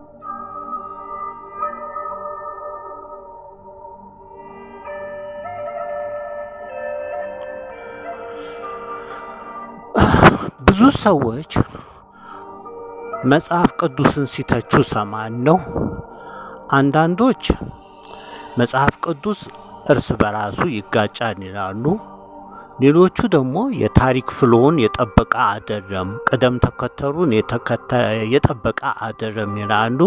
ብዙ ሰዎች መጽሐፍ ቅዱስን ሲተቹ ሰማን ነው። አንዳንዶች መጽሐፍ ቅዱስ እርስ በራሱ ይጋጫን ይላሉ። ሌሎቹ ደግሞ የታሪክ ፍሎውን የጠበቀ አደረም ቅደም ተከተሉን የጠበቀ አደረም ይላሉ።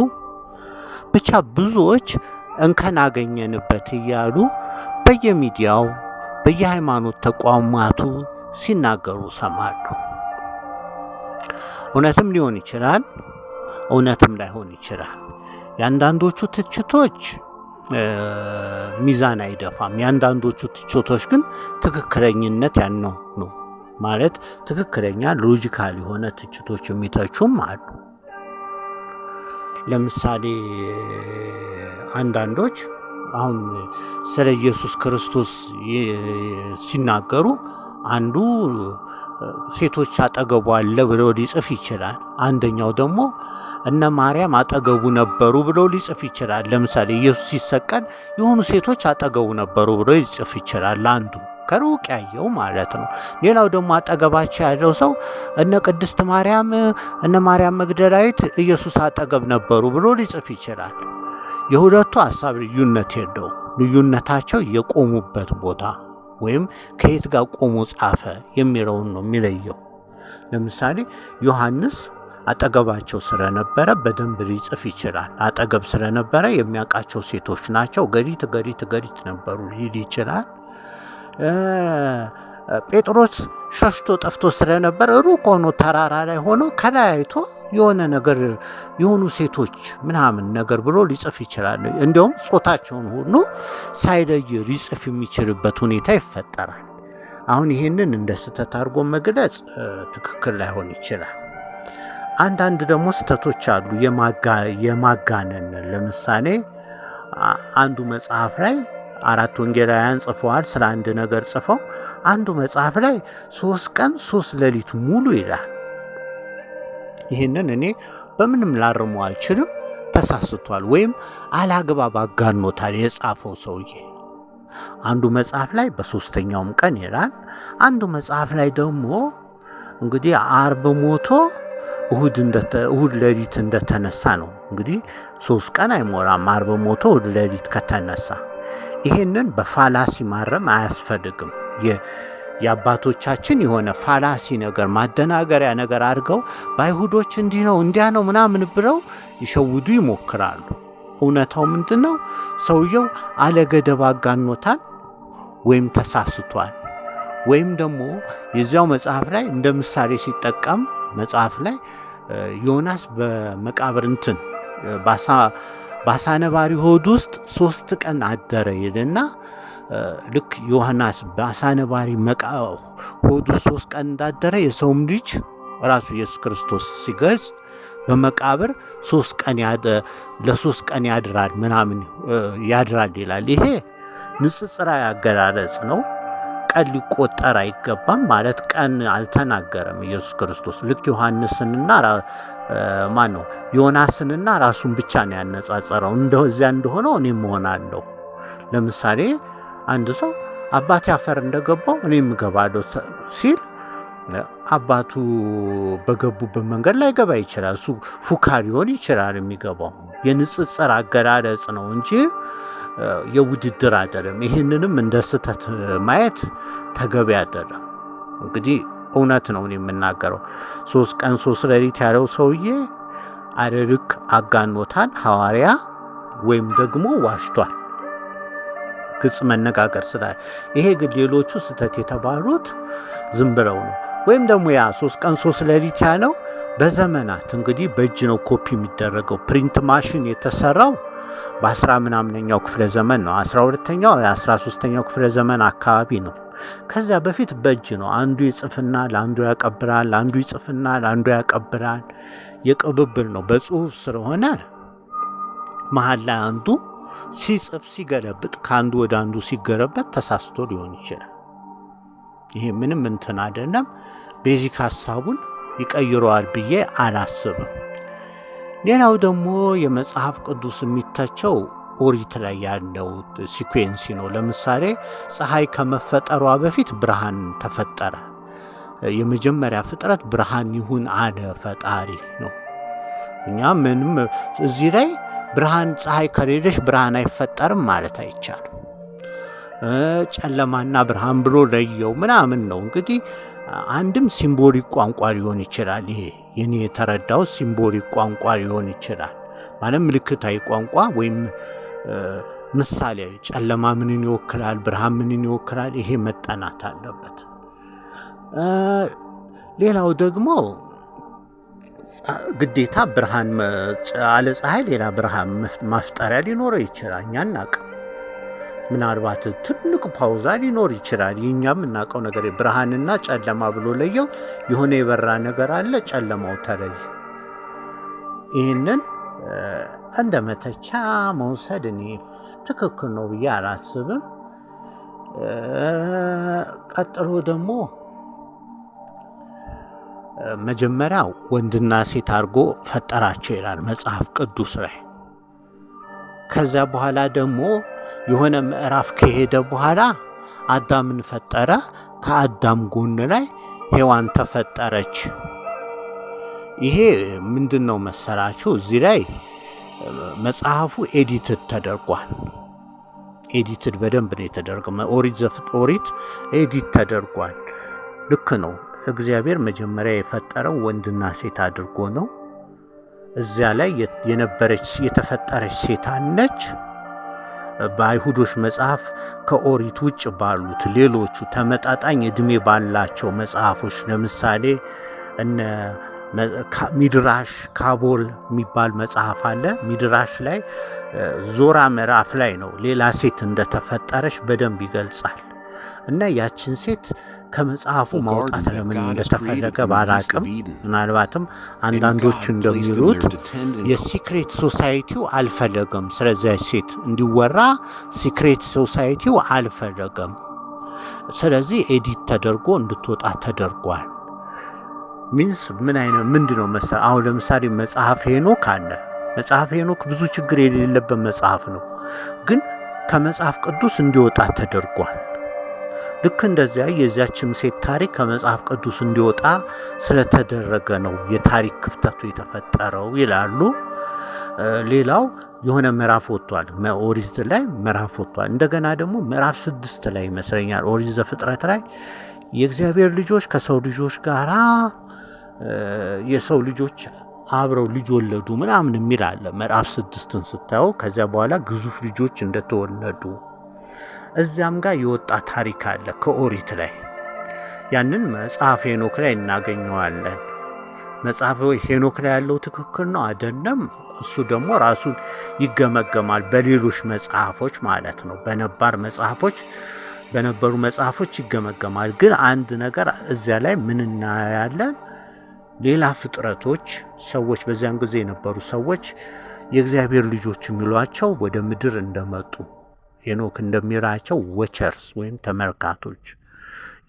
ብቻ ብዙዎች እንከን አገኘንበት እያሉ በየሚዲያው በየሃይማኖት ተቋማቱ ሲናገሩ ሰማሉ። እውነትም ሊሆን ይችላል፣ እውነትም ላይሆን ይችላል። የአንዳንዶቹ ትችቶች ሚዛን አይደፋም። የአንዳንዶቹ ትችቶች ግን ትክክለኝነት ያነው ነው ማለት ትክክለኛ ሎጂካል የሆነ ትችቶች የሚተቹም አሉ። ለምሳሌ አንዳንዶች አሁን ስለ ኢየሱስ ክርስቶስ ሲናገሩ አንዱ ሴቶች አጠገቡ አለ ብሎ ሊጽፍ ይችላል። አንደኛው ደግሞ እነ ማርያም አጠገቡ ነበሩ ብሎ ሊጽፍ ይችላል። ለምሳሌ ኢየሱስ ሲሰቀል የሆኑ ሴቶች አጠገቡ ነበሩ ብሎ ሊጽፍ ይችላል አንዱ ከሩቅ ያየው ማለት ነው። ሌላው ደግሞ አጠገባቸው ያለው ሰው እነ ቅድስት ማርያም እነ ማርያም መግደላዊት ኢየሱስ አጠገብ ነበሩ ብሎ ሊጽፍ ይችላል። የሁለቱ ሀሳብ ልዩነት የለውም። ልዩነታቸው የቆሙበት ቦታ ወይም ከየት ጋር ቆሞ ጻፈ የሚለውን ነው የሚለየው። ለምሳሌ ዮሐንስ አጠገባቸው ስለነበረ በደንብ ሊጽፍ ይችላል። አጠገብ ስለነበረ የሚያውቃቸው ሴቶች ናቸው፣ ገሪት ገሪት ገሪት ነበሩ ሊል ይችላል። ጴጥሮስ ሸሽቶ ጠፍቶ ስለነበረ ሩቅ ሆኖ ተራራ ላይ ሆኖ ከላይ አይቶ የሆነ ነገር የሆኑ ሴቶች ምናምን ነገር ብሎ ሊጽፍ ይችላል። እንዲሁም ጾታቸውን ሁሉ ሳይለይ ሊጽፍ የሚችልበት ሁኔታ ይፈጠራል። አሁን ይህንን እንደ ስህተት አድርጎ መግለጽ ትክክል ላይሆን ይችላል። አንዳንድ ደግሞ ስህተቶች አሉ። የማጋነን ለምሳሌ አንዱ መጽሐፍ ላይ አራት ወንጌላውያን ጽፈዋል። ስለ አንድ ነገር ጽፈው አንዱ መጽሐፍ ላይ ሶስት ቀን ሶስት ሌሊት ሙሉ ይላል። ይህንን እኔ በምንም ላርሙ አልችልም። ተሳስቷል ወይም አላግባብ አጋኖታል የጻፈው ሰውዬ። አንዱ መጽሐፍ ላይ በሶስተኛውም ቀን ይላል። አንዱ መጽሐፍ ላይ ደግሞ እንግዲህ አርብ ሞቶ እሁድ ሌሊት እንደተነሳ ነው። እንግዲህ ሶስት ቀን አይሞላም አርብ ሞቶ እሁድ ሌሊት ከተነሳ። ይሄንን በፋላሲ ማረም አያስፈልግም። የአባቶቻችን የሆነ ፋላሲ ነገር ማደናገሪያ ነገር አድርገው በአይሁዶች እንዲህ ነው እንዲያ ነው ምናምን ብለው ይሸውዱ ይሞክራሉ። እውነታው ምንድ ነው? ሰውየው አለገደብ አጋኖታል ወይም ተሳስቷል ወይም ደግሞ የዚያው መጽሐፍ ላይ እንደ ምሳሌ ሲጠቀም መጽሐፍ ላይ ዮናስ በመቃብር እንትን በአሳ በአሳነባሪ ሆድ ውስጥ ሶስት ቀን አደረ ይልና ልክ ዮሐናስ በአሳነባሪ መቃ ሆድ ውስጥ ሶስት ቀን እንዳደረ የሰውም ልጅ ራሱ ኢየሱስ ክርስቶስ ሲገልጽ በመቃብር ሶስት ቀን ለሶስት ቀን ያድራል ምናምን ያድራል ይላል። ይሄ ንጽጽራዊ አገላለጽ ነው። ቀን ሊቆጠር አይገባም ማለት ቀን አልተናገረም ኢየሱስ ክርስቶስ። ልክ ዮሐንስንና ማ ነው ዮናስንና ራሱን ብቻ ነው ያነጻጸረው። እንደዚያ እንደሆነው እኔም መሆናለሁ ለምሳሌ አንድ ሰው አባት አፈር እንደገባው እኔ እገባለሁ ሲል አባቱ በገቡበት መንገድ ላይ ገባ ይችላል። እሱ ፉካ ሊሆን ይችላል የሚገባው የንጽጽር አገላለጽ ነው እንጂ የውድድር አይደለም። ይህንንም እንደ ስህተት ማየት ተገቢ አይደለም። እንግዲህ እውነት ነው የምናገረው። ሶስት ቀን ሶስት ሌሊት ያለው ሰውዬ አደርክ አጋኖታል ሐዋርያ ወይም ደግሞ ዋሽቷል። ግጽ መነጋገር ስላለ ይሄ ግን ሌሎቹ ስህተት የተባሉት ዝም ብለው ነው። ወይም ደግሞ ያ ሶስት ቀን ሶስት ሌሊት ያለው በዘመናት እንግዲህ በእጅ ነው ኮፒ የሚደረገው ፕሪንት ማሽን የተሰራው በአስራ ምናምነኛው ክፍለ ዘመን ነው። አስራ ሁለተኛው የአስራ ሶስተኛው ክፍለ ዘመን አካባቢ ነው። ከዚያ በፊት በእጅ ነው። አንዱ ይጽፍና ለአንዱ ያቀብራል፣ አንዱ ይጽፍና ለአንዱ ያቀብራል። የቅብብል ነው። በጽሁፍ ስለሆነ መሀል ላይ አንዱ ሲጽፍ ሲገለብጥ፣ ከአንዱ ወደ አንዱ ሲገረበት ተሳስቶ ሊሆን ይችላል። ይሄ ምንም እንትን አይደለም። ቤዚክ ሀሳቡን ይቀይረዋል ብዬ አላስብም። ሌላው ደግሞ የመጽሐፍ ቅዱስ የሚተቸው ኦሪት ላይ ያለው ሲኩዌንሲ ነው። ለምሳሌ ፀሐይ ከመፈጠሯ በፊት ብርሃን ተፈጠረ። የመጀመሪያ ፍጥረት ብርሃን ይሁን አለ ፈጣሪ ነው። እኛ ምንም እዚህ ላይ ብርሃን ፀሐይ ከሌለሽ ብርሃን አይፈጠርም ማለት አይቻልም። ጨለማና ብርሃን ብሎ ለየው ምናምን ነው። እንግዲህ አንድም ሲምቦሊክ ቋንቋ ሊሆን ይችላል ይሄ የኔ የተረዳው ሲምቦሊክ ቋንቋ ሊሆን ይችላል። ማለት ምልክታዊ ቋንቋ ወይም ምሳሌ ጨለማ ምንን ይወክላል፣ ብርሃን ምንን ይወክላል፣ ይሄ መጠናት አለበት። ሌላው ደግሞ ግዴታ ብርሃን አለ ፀሐይ ሌላ ብርሃን ማፍጠሪያ ሊኖረው ይችላል። እኛ አናውቅም። ምናልባት ትልቅ ፓውዛ ሊኖር ይችላል። ይህኛ የምናውቀው ነገር ብርሃንና ጨለማ ብሎ ለየው። የሆነ የበራ ነገር አለ፣ ጨለማው ተለየ። ይህንን እንደ መተቻ መውሰድ እኔ ትክክል ነው ብዬ አላስብም። ቀጥሎ ደግሞ መጀመሪያ ወንድና ሴት አድርጎ ፈጠራቸው ይላል መጽሐፍ ቅዱስ ላይ። ከዚያ በኋላ ደግሞ የሆነ ምዕራፍ ከሄደ በኋላ አዳምን ፈጠረ። ከአዳም ጎን ላይ ሔዋን ተፈጠረች። ይሄ ምንድን ነው መሰላችሁ? እዚህ ላይ መጽሐፉ ኤዲትድ ተደርጓል። ኤዲትድ በደንብ ነው የተደረገ። ኦሪት ዘፍጥረት ኤዲት ተደርጓል። ልክ ነው። እግዚአብሔር መጀመሪያ የፈጠረው ወንድና ሴት አድርጎ ነው። እዚያ ላይ የነበረች የተፈጠረች ሴት አለች። በአይሁዶች መጽሐፍ ከኦሪት ውጭ ባሉት ሌሎቹ ተመጣጣኝ ዕድሜ ባላቸው መጽሐፎች ለምሳሌ እነ ሚድራሽ ካቦል የሚባል መጽሐፍ አለ። ሚድራሽ ላይ ዞራ ምዕራፍ ላይ ነው ሌላ ሴት እንደተፈጠረች በደንብ ይገልጻል። እና ያችን ሴት ከመጽሐፉ oh, ማውጣት ለምን እንደተፈለገ ባላቅም፣ ምናልባትም አንዳንዶቹ እንደሚሉት የሲክሬት ሶሳይቲው አልፈለገም። ስለዚያ ሴት እንዲወራ ሲክሬት ሶሳይቲው አልፈለገም። ስለዚህ ኤዲት ተደርጎ እንድትወጣ ተደርጓል። ሚንስ ምን አይነት ምንድ ነው መሰል አሁን ለምሳሌ መጽሐፍ ሄኖክ አለ። መጽሐፍ ሄኖክ ብዙ ችግር የሌለበት መጽሐፍ ነው፣ ግን ከመጽሐፍ ቅዱስ እንዲወጣ ተደርጓል። ልክ እንደዚያ የዚያችም ሴት ታሪክ ከመጽሐፍ ቅዱስ እንዲወጣ ስለተደረገ ነው የታሪክ ክፍተቱ የተፈጠረው ይላሉ። ሌላው የሆነ ምዕራፍ ወጥቷል። ኦሪት ላይ ምዕራፍ ወጥቷል። እንደገና ደግሞ ምዕራፍ ስድስት ላይ ይመስለኛል ኦሪት ዘፍጥረት ላይ የእግዚአብሔር ልጆች ከሰው ልጆች ጋር የሰው ልጆች አብረው ልጅ ወለዱ ምናምን የሚል አለ። ምዕራፍ ስድስትን ስታየው ከዚያ በኋላ ግዙፍ ልጆች እንደተወለዱ እዚያም ጋር የወጣ ታሪክ አለ ከኦሪት ላይ ያንን መጽሐፍ ሄኖክ ላይ እናገኘዋለን። መጽሐፍ ሄኖክ ላይ ያለው ትክክል ነው አይደለም፣ እሱ ደግሞ ራሱን ይገመገማል በሌሎች መጽሐፎች ማለት ነው። በነባር መጽሐፎች በነበሩ መጽሐፎች ይገመገማል። ግን አንድ ነገር እዚያ ላይ ምን እናያለን? ሌላ ፍጥረቶች ሰዎች፣ በዚያን ጊዜ የነበሩ ሰዎች የእግዚአብሔር ልጆች የሚሏቸው ወደ ምድር እንደመጡ ሄኖክ እንደሚራቸው ወቸርስ ወይም ተመልካቶች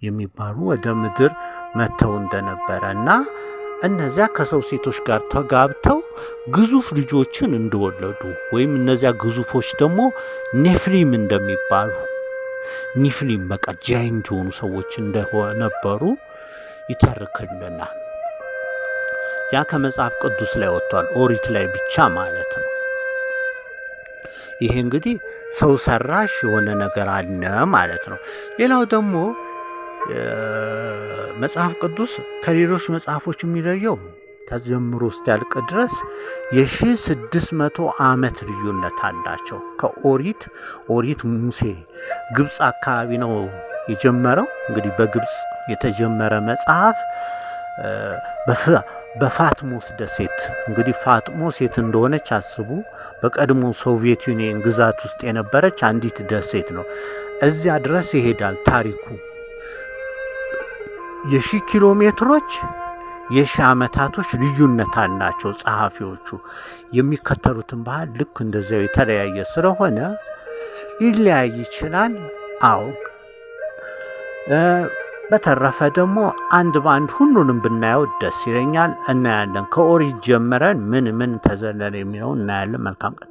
የሚባሉ ወደ ምድር መጥተው እንደነበረ እና እነዚያ ከሰው ሴቶች ጋር ተጋብተው ግዙፍ ልጆችን እንደወለዱ ወይም እነዚያ ግዙፎች ደግሞ ኔፍሊም እንደሚባሉ ኒፍሊም በቃ ጃይንት የሆኑ ሰዎች እንደነበሩ ይተርክልናል። ያ ከመጽሐፍ ቅዱስ ላይ ወጥቷል። ኦሪት ላይ ብቻ ማለት ነው። ይሄ እንግዲህ ሰው ሰራሽ የሆነ ነገር አለ ማለት ነው። ሌላው ደግሞ መጽሐፍ ቅዱስ ከሌሎች መጽሐፎች የሚለየው ተጀምሮ እስኪያልቅ ድረስ የሺህ ስድስት መቶ ዓመት ልዩነት አላቸው። ከኦሪት ኦሪት ሙሴ ግብፅ አካባቢ ነው የጀመረው። እንግዲህ በግብፅ የተጀመረ መጽሐፍ በፋትሞስ ደሴት እንግዲህ ፋጥሞስ የት እንደሆነች አስቡ። በቀድሞ ሶቪየት ዩኒየን ግዛት ውስጥ የነበረች አንዲት ደሴት ነው። እዚያ ድረስ ይሄዳል ታሪኩ። የሺህ ኪሎ ሜትሮች የሺ ዓመታቶች ልዩነት አላቸው። ጸሐፊዎቹ የሚከተሉትን ባህል ልክ እንደዚያው የተለያየ ስለሆነ ሊለያይ ይችላል። አዎ በተረፈ ደግሞ አንድ በአንድ ሁሉንም ብናየው ደስ ይለኛል። እናያለን። ከኦሪት ጀምረን ምን ምን ተዘለለ የሚለውን እናያለን። መልካም ቀን